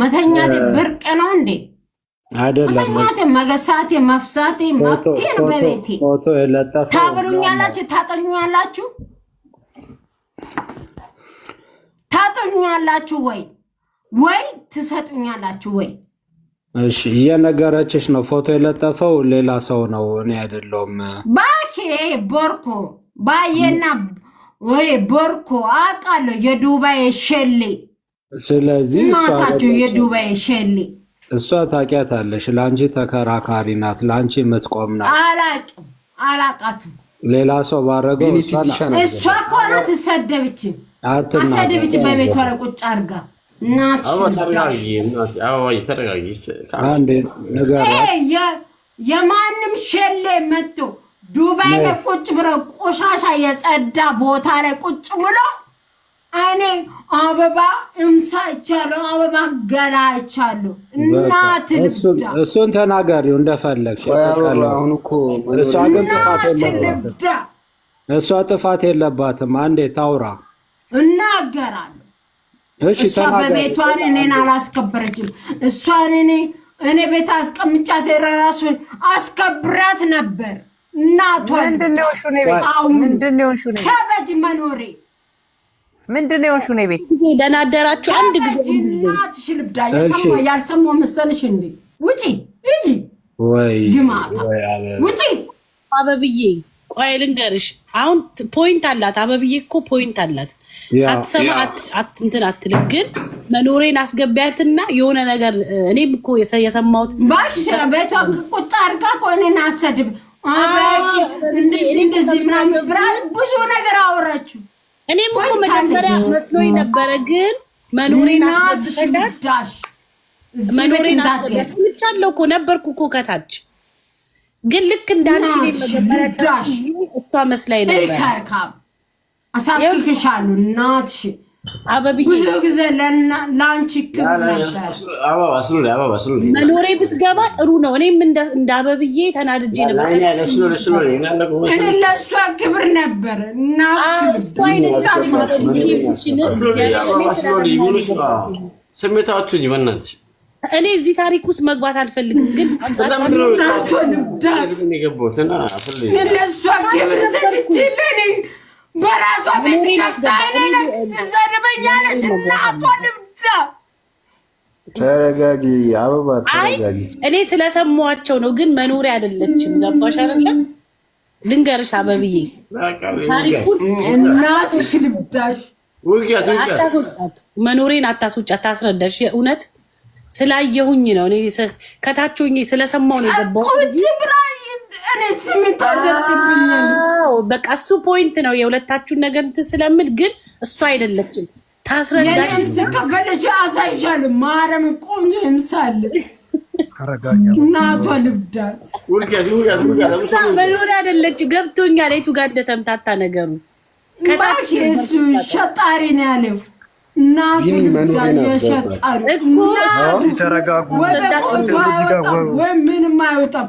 መተኛት ብርቅ ነው እንዴ? መተኛት፣ መገሳት፣ መፍሳት መፍቴ ነው። በቤቴ ታብሉኛላችሁ፣ ታጠኙኛላችሁ፣ ታጠኙኛላችሁ ወይ ወይ ትሰጡኛላችሁ ወይ እሺ እየነገረችሽ ነው። ፎቶ የለጠፈው ሌላ ሰው ነው፣ እኔ አይደለሁም። ባኬ ቦርኮ ባየና ወይ ቦርኮ አውቃለሁ፣ የዱባይ ሸሌ ስለዚህ እናታችሁ የዱባይ ሸሌ እሷ ታውቂያታለሽ። ለአንቺ ተከራካሪ ናት፣ ለአንቺ የምትቆም ናት። አላቅም አላቃትም። ሌላ ሰው ባረገው እሷ ከሆነ ትሰደብች አሰደብች በቤቷ ላይ ቁጭ አርጋ የማንም ሸሌ መጥቶ ዱባይ ላይ ቁጭ ብለው ቆሻሻ የጸዳ ቦታ ላይ ቁጭ ብሎ እኔ አበባ እምሳ ይቻለሁ፣ አበባ ገና ይቻለሁ። እናት ልብዳ እሱን ተናገሪው እንደፈለግሽ። እሷ ጥፋት የለባትም፣ አንዴ ታውራ እናገራለሁ። እሷ በቤቷን እኔን አላስከበረችም። እሷን እኔ እኔ ቤት አስቀምጫት ራሱ አስከብራት ነበር። እናቷ ምንድን ነው እሱ ከበጅ መኖሬ ምንድን ነው ሹኔ ቤት ጊዜ ደህና አደራችሁ። አንድ ጊዜ ልብዳ የሰማ ያልሰማው መሰልሽ እንዴ? ውጪ እጂ ወይ ግማታ ውጪ። አበብዬ ቆይ ልንገርሽ፣ አሁን ፖይንት አላት አበብዬ እኮ ፖይንት አላት። ሳትሰማ እንትን አትልም፣ ግን መኖሬን አስገቢያትና የሆነ ነገር እኔም እኮ የሰማሁት ባሽ ቤቷ ቁጣ አድርጋ ቆንን አሰድብ እንደዚህ ምናምን ብላ ብዙ ነገር አወራችሁ እኔም እኮ መጀመሪያ መስሎኝ ነበረ፣ ግን መኖሬን አስረዳሽ። መኖሬን አስረዳሽ እኮ ነበርኩ እኮ ከታች ግን ልክ እንዳንቺ መጀመሪያ እሷ መስላኝ ነበረ። አሳክክሻሉ እናትሽ ብዙ ጊዜ ለአንቺ መኖሬ ብትገባ ጥሩ ነው። እኔም እንደ አበብዬ ተናድጄ ነበር። ለእሷ ክብር ነበር እና ስሜት እኔ እዚህ ታሪክ ውስጥ መግባት አልፈልግም፣ ግን ለእሷ ክብር ዘግቼ በራሷ ቤት ከፍታ ትዘርበኛለች። እናቷ ልብዳ ተረጋጊ፣ አበባ ተረጋጊ። እኔ ስለሰማኋቸው ነው፣ ግን መኖሪያ አይደለችም። ገባሽ አይደለም? ልንገርሽ አበብዬ ታሪኩን እናትሽ ልብዳሽ አታስወጣት፣ መኖሬን አታስወጫት፣ ታስረዳሽ። የእውነት ስላየሁኝ ነው ከታች ሆኜ ስለሰማሁ ነው የገባሁት። በቃ እሱ ፖይንት ነው የሁለታችሁን ነገር እንትን ስለምል፣ ግን እሱ አይደለችም ታስረዳሽ። ስከፈለሽ ማረም ቆንጆ ምሳለ እናቷ ልብዳት በሆነ አይደለች። ገብቶኛል የቱ ጋር እንደተምታታ ነገሩ ሸጣሪ ነው ያለው። እናቱ ልብዳት የሸጣሪ ምንም አይወጣም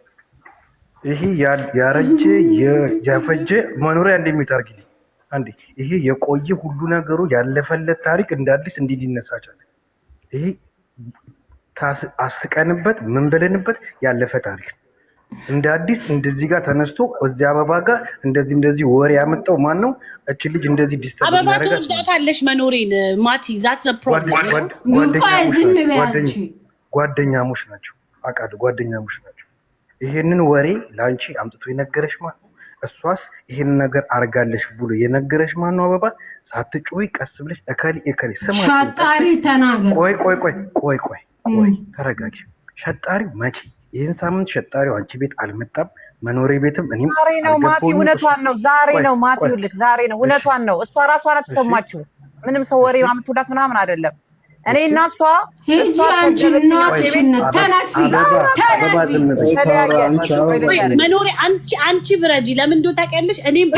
ይሄ ያረጀ ያፈጀ መኖሪያ እንደሚወጣ አድርግልኝ። አንዴ ይሄ የቆየ ሁሉ ነገሩ ያለፈለት ታሪክ እንደ አዲስ እንዲህ ሊነሳቻል። ይሄ አስቀንበት ምን ብለንበት ያለፈ ታሪክ እንደ አዲስ እንደዚህ ጋር ተነስቶ እዚህ አበባ ጋር እንደዚህ እንደዚህ ወሬ ያመጣው ማን ነው? እች ልጅ እንደዚህ ዲስተርብ አበባ ትወዳታለሽ መኖሬን ማቲ ዛት ዘ ፕሮብለም ጓደኛሞች ናቸው። አቃድ ጓደኛሞች ናቸው። ይህንን ወሬ ለአንቺ አምጥቶ የነገረሽ ማን ነው? እሷስ ይህን ነገር አርጋለሽ ብሎ የነገረሽ ማን ነው? አበባ ሳትጮይ ቀስ ብለሽ እከሌ እከሌ ስማ፣ ሻጣሪ ተናገር። ቆይ ቆይ ቆይ ቆይ ቆይ ቆይ ተረጋጊ። ሻጣሪው መቼ ይህን ሳምንት ሸጣሪው አንቺ ቤት አልመጣም። መኖሪ ቤትም እኔም ዛሬ ነው ማቲ፣ እውነቷን ነው። ዛሬ ነው ማቲ፣ ይኸውልህ ዛሬ ነው፣ እውነቷን ነው። እሷ ራሷ ናት ሰማችሁ። ምንም ሰው ወሬ ማምትላት ምናምን አይደለም። እኔ እና እሷ ሂጂ አንቺ እናትሽን ተነፊ ተነፊ አንቺ አንቺ ብረጂ ለምን እንደው ታውቂያለሽ። እኔም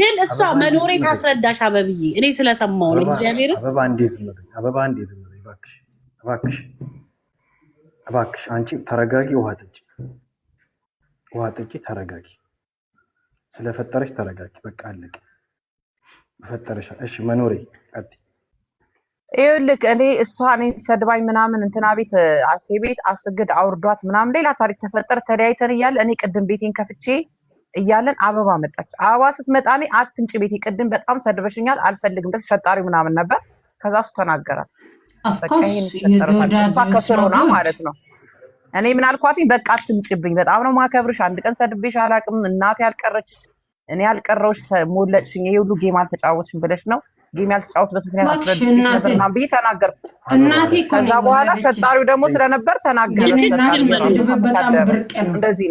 ግን እሷ መኖሬ ታስረዳሽ አበብዬ። እኔ ስለሰማሁ ነው እግዚአብሔር አበባ እንዴት እባክሽ እባክሽ አንቺ ተረጋጊ፣ ውሃ ጠጪ፣ ውሃ ጠጪ፣ ተረጋጊ። ስለፈጠረች ተረጋጊ። በቃ አለቀ። መፈጠረሻ እሺ፣ መኖሬ ይኸውልህ፣ እኔ እሷ እኔ ሰድባኝ ምናምን እንትና ቤት አሴ ቤት አስግድ አውርዷት ምናምን ሌላ ታሪክ ተፈጠረ። ተለያይተን እያለ እኔ ቅድም ቤቴን ከፍቼ እያለን አበባ መጣች። አበባ ስትመጣ እኔ አትምጪ ቤቴ፣ ቅድም በጣም ሰድበሽኛል፣ አልፈልግም ደስ ሸጣሪ ምናምን ነበር። ከዛ እሱ ተናገራል። ከስሮና ማለት ነው። እኔ ምን አልኳትኝ? በቃ አትምጪብኝ፣ በጣም ነው ማከብርሽ፣ አንድ ቀን ሰድቤሽ አላቅም፣ እናቴ አልቀረች እኔ ያልቀረውሽ ሞለጥሽኝ፣ ይሄ ሁሉ ጌም አልተጫወትሽም ብለሽ ነው። ጌም ያልተጫወትበት ምክንያት አስረድሽና ብዬ ተናገርኩ። ከዛ በኋላ ፈጣሪው ደግሞ ስለነበር ተናገረ።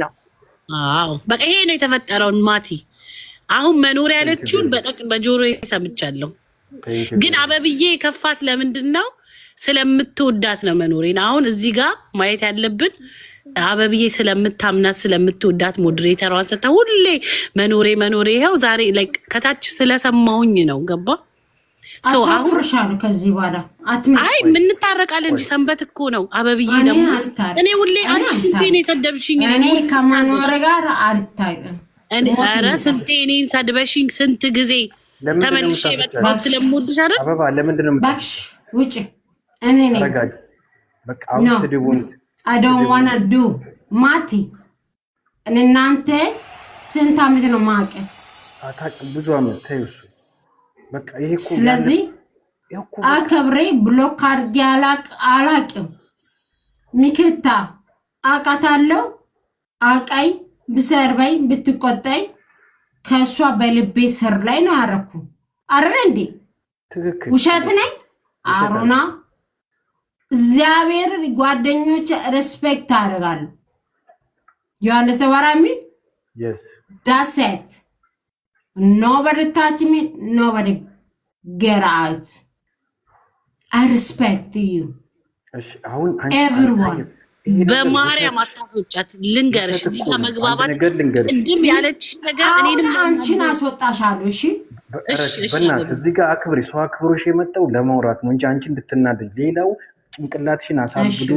ነው። አዎ በቃ ይሄ ነው የተፈጠረውን። ማቲ አሁን መኖሪያ ያለችውን በጠቅ በጆሮ ሰምቻለሁ። ግን አበብዬ የከፋት ለምንድን ነው? ስለምትወዳት ነው መኖሬን። አሁን እዚህ ጋር ማየት ያለብን አበብዬ ስለምታምናት ስለምትወዳት ሞድሬተሯን ሰታ ሁሌ መኖሬ መኖሬ ይኸው ዛሬ ከታች ስለሰማውኝ ነው ገባ አሳፍርሻሉ ከዚህ በኋላ አይ የምንታረቃለን እንጂ ሰንበት እኮ ነው። አበብዬ ደግሞ እኔ ሁሌ አንቺ ስንቴ ነው የሰደብሽኝ? ከማኖር ጋር አልታቅም። ኧረ ስንቴ እኔን ሰድበሽኝ ስንት ጊዜ ተመልሼ የመጣሁት ስለምወድሽ አይደል? እባክሽ ውጭ እኔ ነኝ በቃ አሁን ስድቡን አዶን ዋና ዱ ማቲ እናንተ ስንት አመት ነው ማቀ አታውቅም። ብዙ አመት ተይው። በቃ ይሄ እኮ ስለዚህ አከብሬ ብሎክ አድርጌ አላቅም። ሚክታ አቃታለሁ። አቃይ ብሰርበይ ብትቆጣይ ከእሷ በልቤ ስር ላይ ነው አረኩ። አረ እንዴ ውሸት ነኝ አሮና እግዚአብሔር ጓደኞች ሬስፔክት አደርጋሉ። ዮሐንስ ተባራ የሚል ዳሴት ኖበድ ታች ሚል ኖበድ ገራአት ሪስፔክት ዩ ኤቭሪዋን በማርያም አታስወጫት። ልንገርሽ እዚህ ጋር መግባባት ቅድም ያለች ነገር እኔንም አንቺን አስወጣሻለሁ። እሺ እሺ፣ እዚህ ጋር አክብሪ። ሰው አክብሮሽ የመጣው ለማውራት ነው እንጂ አንቺ እንድትናደድ ሌላው ጭንቅላትሽን አሳብዶ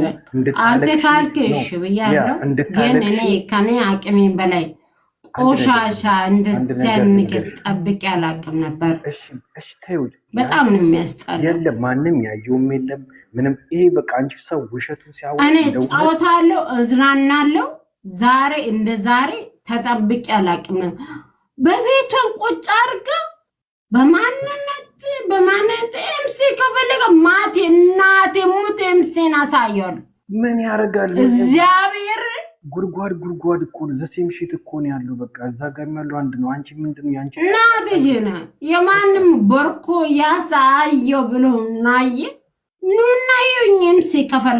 አንተ ካልክ እሺ ብያለሁ፣ ግን እኔ ከኔ አቅሜን በላይ ቆሻሻ እንደዚያ ንግር ጠብቄ አላቅም ነበር። በጣም ነው የሚያስጠላው። የለም ማንም ያየውም የለም ምንም። ይሄ በቃ አንቺ ሰው ውሸቱ ሲያወ እኔ ጫወታለሁ፣ እዝናናለሁ። ዛሬ እንደ ዛሬ ተጠብቄ አላቅም ነበር። በቤቷን ቁጭ አድርጋ በማንነት በማንነት ኤምሲ ከፈለገ ማቴ እና ያሳየን። ምን ያደርጋሉ? እግዚአብሔር ጉድጓድ ጉድጓድ እኮ ነው። ዘሴም ሽት እኮ ነው ያለው። በቃ እዛ ጋር ያለው አንድ ነው። አንቺ ምንድን ነው ያንቺ እናትሽ ነው። የማንም በርኮ ያሳየው ብሎ ናየ ኑና ዩኝም ሲከፈል